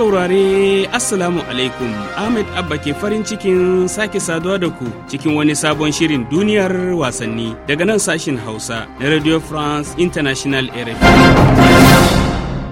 saurare Assalamu alaikum Ahmed Abba ke farin cikin sake saduwa da ku cikin wani sabon shirin duniyar wasanni daga nan sashin Hausa na Radio France International RFI.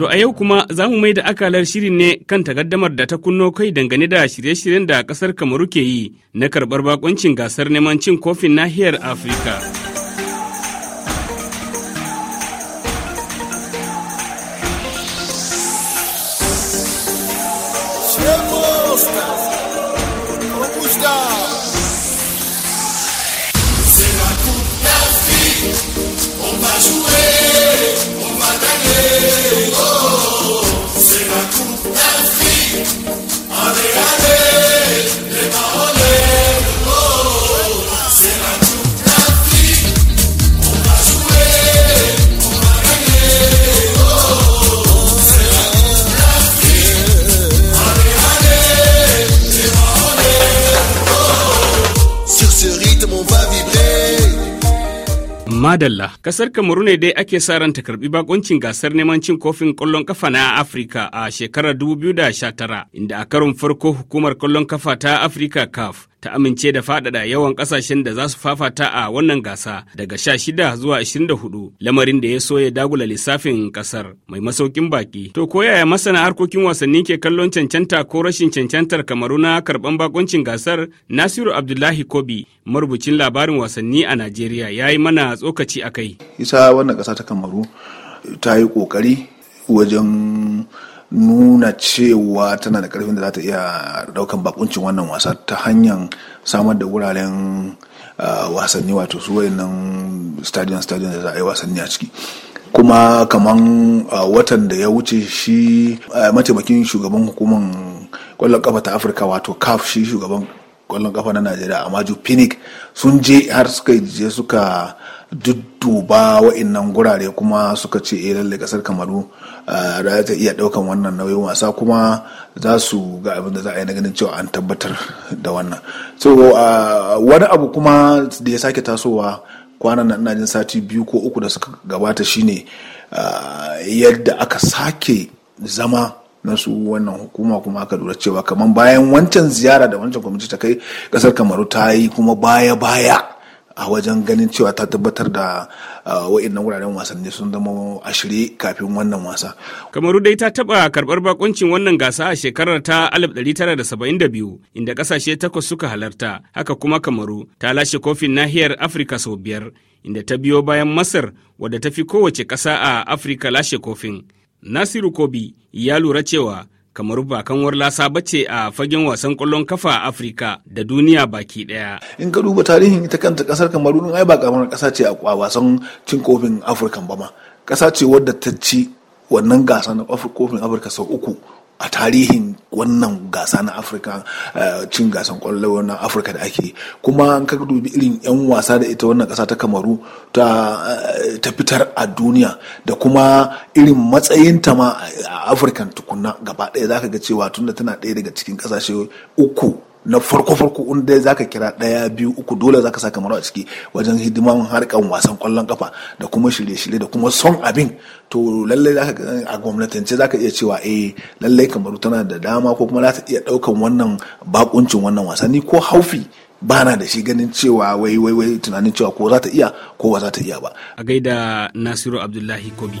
To a yau kuma za mu mai da akalar shirin ne kan takaddamar da ta kunno kai dangane da shirye-shiryen da kasar Kamaru ke yi na karɓar bakoncin gasar neman cin kofin nahiyar Afirka. gusta, como gusta. C'est ma coupe, la on va jouer. Madalla, kasar Kamaru ne dai ake sa ran ta karbi bakuncin gasar neman cin kofin kwallon kafa na Afirka a shekarar 2019, inda a karon farko hukumar kwallon kafa ta Afirka CAF ta amince da faɗaɗa yawan ƙasashen da za su fafata a wannan gasa daga sha shida zuwa hudu lamarin da ya so ya dagula lissafin ƙasar mai masaukin baki. To ko yaya masana harkokin wasanni ke kallon cancanta ko rashin cancantar kamaru na karɓan bakuncin gasar Nasiru Abdullahi Kobi marubucin labarin wasanni a Najeriya ya yi mana tsokaci a kai. Isa wannan ƙasa ta kamaru ta yi ƙoƙari wajen nuna cewa tana da karfin da za ta iya daukan bakuncin wannan wasa ta hanyar samar da wuraren wasanni wato su wayannan stadion stadion da za a yi wasanni a ciki kuma kamar watan da ya wuce shi mataimakin shugaban hukumar kwallon kafa ta afirka wato kaf shi shugaban kwallon kafa na najeriya amaju phoenix sun je har suka je suka dudduba wa'annan gurare kuma suka ce eh lalle kasar kamaru da ah, ta iya daukan wannan nauyin wasa kuma za su ga abin da za a yi na ganin cewa an tabbatar da wannan so ah, wani abu kuma da ya sake tasowa kwanan nan jin sati biyu ko uku da suka gabata shine ah, yadda aka sake zama na su wannan hukuma kuma aka lura cewa kamar bayan wancan ziyara da wancan kwamiti ta kai kasar kamaru ta yi kuma baya baya a wajen ganin cewa ta tabbatar da wa'in wuraren wasanni sun zama a kafin wannan wasa. Kamaru dai ta taba karɓar bakuncin wannan gasa a shekarar ta 1972 inda ƙasashe takwas suka halarta haka kuma Kamaru ta lashe kofin nahiyar Afirka sau biyar inda ta biyo bayan Masar wadda ta fi kowace kasa a Afirka lashe kofin. Nasiru Kobi ya lura cewa kamar ba kanwar lasa bace a fagen wasan kwallon kafa a Afirka da duniya baki daya. In ka duba tarihin ita kanta kasar kamar Kamaru ai ba kamar kasa ce a wasan cin kofin Afirka ba ma. Kasa ce wadda ta ci wannan gasa na kofin Afirka sau uku. a tarihin wannan gasa na afirka eh, cin gasan kwallo na afirka da ake kuma an ka dubi irin 'yan wasa da ita wannan kasa ta kamaru eh, ta fitar a duniya da kuma irin matsayin ta ma a afirkan tukunna gaba ɗaya za ka ga cewa tunda tana ɗaya daga cikin kasashe uku na farko farko in za zaka kira ɗaya biyu uku dole zaka sa kamar a ciki wajen hidiman harkan wasan kwallon kafa da kuma shirye-shirye da kuma son abin to lallai a a gwamnatance ka iya cewa eh lallai kamaru tana da dama ko kuma za ta iya ɗaukan wannan bakuncin wannan wasanni ko haufi bana da shi ganin cewa wai wai wai tunanin cewa ko za ta iya ko ba za ta iya ba a gaida nasiru abdullahi kobi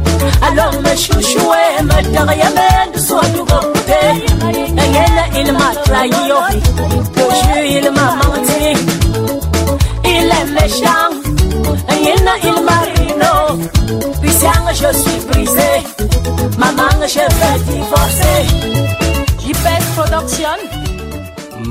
اللهم شوي ما تغيبين صوت قبتي أجل إلما ترايو وشو إلما موتي إلا مشان إلنا إلما رينو بيسان je suis brisé Maman je vais divorcer JPS Production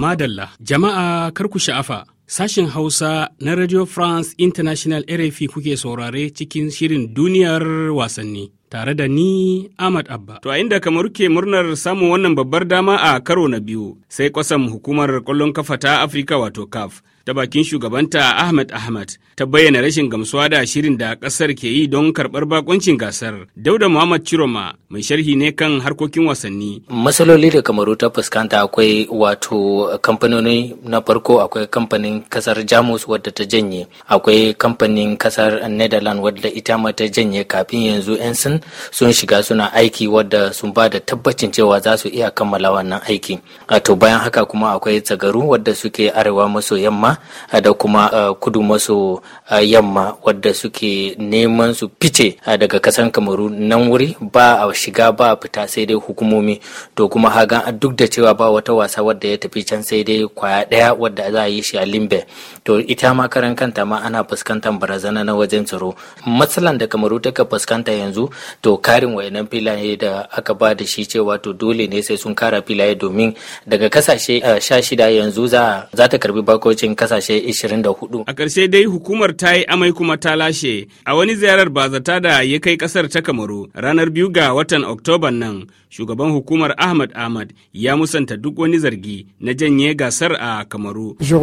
Madalla jama'a karku sha'afa Sashen Hausa na Radio France International RFI kuke saurare cikin shirin duniyar wasanni. Tare da ni Ahmad Abba. To a inda kamar ke murnar samun wannan babbar dama a karo na biyu, sai kwasan hukumar ƙwallon kafa ta Afrika wato CAF ta bakin shugabanta Ahmed Ahmad ta bayyana rashin gamsuwa da shirin da kasar ke yi don karbar bakoncin gasar. Dauda Muhammad Chiroma mai sharhi ne kan harkokin wasanni. Matsaloli da Kamaru ta fuskanta akwai wato kamfanoni na farko akwai kamfanin kasar Jamus wadda ta janye, akwai kamfanin kasar Netherlands wadda ita ma ta janye kafin yanzu 'yan sun sun shiga suna aiki wadda sun ba da tabbacin cewa za su iya kammala wannan aiki. Wato bayan haka kuma akwai tsagaru wadda suke arewa maso yamma Eh, da kuma eh, kudu maso eh, yamma wadda suke neman su fice daga kasan kamaru nan wuri ba a shiga ba a fita sai dai hukumomi to kuma hagan duk da cewa ba wata wasa wadda ya tafi can sai dai kwaya daya wadda za a yi shi a limbe to ita ma karan kanta ma ana fuskantar barazana na wajen tsaro matsalan da kamaru taka fuskanta yanzu to karin wayanan filaye da aka ba da shi cewa to dole ne sai sun kara filaye domin daga kasashe sha shida yanzu za ta karbi bakocin kasashe 24. A ƙarshe dai hukumar ta yi amai kuma ta lashe a wani ziyarar bazata da ya kai ƙasar ta Kamaru ranar biyu ga watan Oktoban nan shugaban hukumar Ahmad Ahmad ya musanta duk wani zargi na janye gasar a Kamaru. Je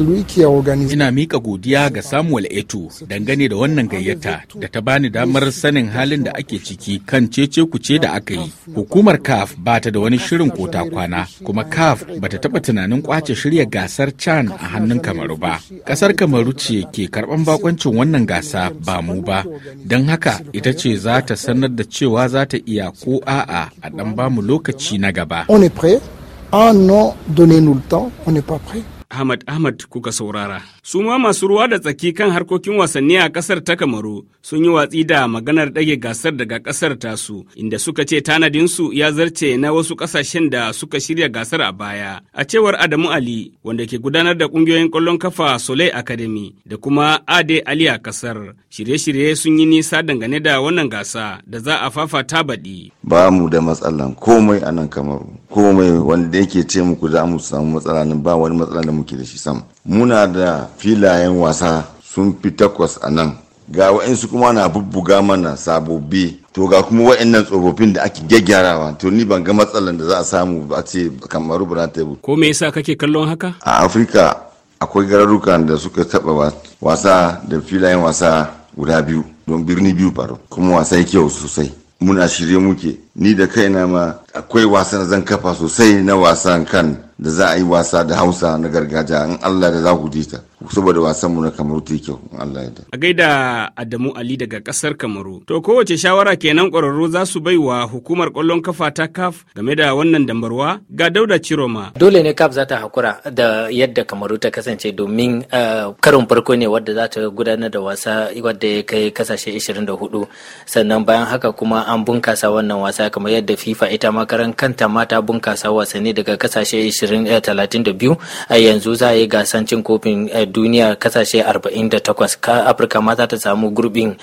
lui Ina mika godiya ga Samuel Eto dangane da wannan gayyata da ta bani damar sanin halin da ake ciki kan cece ce da aka yi. Hukumar CAF ba ta da wani shirin ko ta kwana, kuma CAF ba ta taɓa tunanin kwace shirya gasar CHAN a hannun Kamaru ba. kasar Kamaru ce ke karban bakoncin wannan gasa ba mu ba, don haka ita ce za ta sanar da cewa za ta iya ko a'a a ba bamu lokaci na gaba. On est prêt? Ah non, donnez-nous le temps, on n'est pas prêt. Ahmad Ahmad kuka saurara. suma masu ruwa da tsaki kan harkokin wasanni a kasar ta Kamaru sun yi watsi da maganar ɗage gasar daga kasar tasu inda suka ce tanadinsu ya zarce na wasu kasashen da suka shirya gasar a baya. A cewar Adamu Ali wanda ke gudanar da ƙungiyoyin kwallon kafa Soleil Academy da kuma Ade Ali a kasar. Shirye-shirye sun yi nisa dangane da wannan gasa da za a fafata baɗi. Ba mu da matsalan komai a nan Kamaru komai wanda yake ce muku za mu samu matsala ba wani matsala muke da shi sam muna da filayen wasa sun fi takwas a nan ga wa'insu kuma na bubbuga mana sabobi to ga kuma wa'annan tsofaffin da ake gyaggyarawa to ni ban ga matsalan da za a samu a ce kamaru ba ta ko me yasa kake kallon haka a afirka akwai gararruka da suka taba wasa da filayen wasa guda biyu don birni biyu faru kuma wasa wasan kyau sosai muna shirye muke ni da kaina ma akwai wasan zan kafa sosai na wasan kan da za a yi wasa da hausa na gargajiya in allah da za ku je ta saboda wasan mu na kamaru ta kyau in allah ya a gaida adamu ali daga kasar kamaru to kowace shawara kenan kwararru za su bai wa hukumar kwallon kafa ta caf game da wannan dambarwa ga dauda ciroma dole ne caf za ta hakura da yadda kamaru ta kasance domin eh, karin farko ne wadda za ta gudanar da wasa wadda ya kai kasashe 24 sannan bayan haka kuma an bunkasa wannan wasa kamar yadda fifa ita ma karan kanta ma bunkasa wasanni daga kasashe 2032 eh, a yanzu za a yi gasan cin kofin eh, duniya kasashe 48 ka afirka ma za ta samu gurbin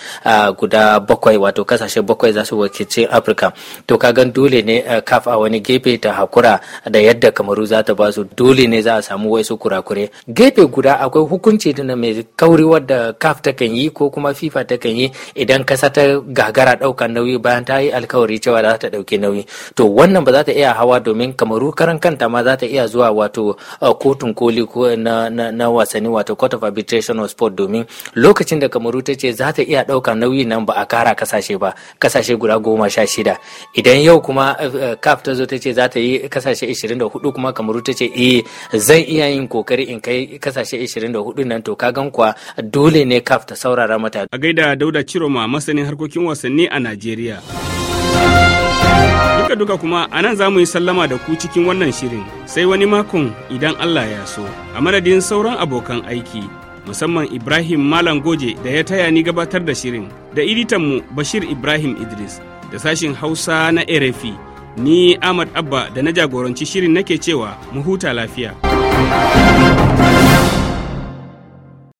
guda bakwai wato kasashe bakwai za su wakilci afirka to ka gan dole ne kaf eh, a wani gefe ta hakura da yadda kamaru za ta ba su dole ne za a samu wasu kurakure gefe guda akwai hukunci na mai kauri wadda kaf ta kan yi ko kuma fifa ta kan yi idan kasa ta gagara daukan nauyi bayan ta yi alkawari cewa za ta ɗauki nauyi to wannan ba za ta iya hawa domin kamaru karan kanta ma za ta iya zuwa wato uh, kotun koli na, na, wasanni wato court of arbitration of sport domin lokacin da kamaru ta ce za ta iya ɗaukar nauyi nan ba a kara kasashe ba kasashe guda goma sha shida idan yau kuma uh, uh, caf ta zo ta ce za ta yi kasashe ishirin da hudu kuma kamaru ta ce eh zan iya yin kokari in kai kasashe ishirin da hudu nan to ka gan kuwa dole ne caf ta saurara mata a gaida dauda ciroma masanin harkokin wasanni a najeriya Duka duka kuma a nan za mu yi sallama da ku cikin wannan shirin sai wani makon idan Allah ya so. A madadin sauran abokan aiki musamman Ibrahim Malam Goje da ya taya ni gabatar da shirin da mu Bashir Ibrahim Idris da sashin Hausa na RFI ni Ahmad Abba da na jagoranci shirin nake cewa mu huta lafiya.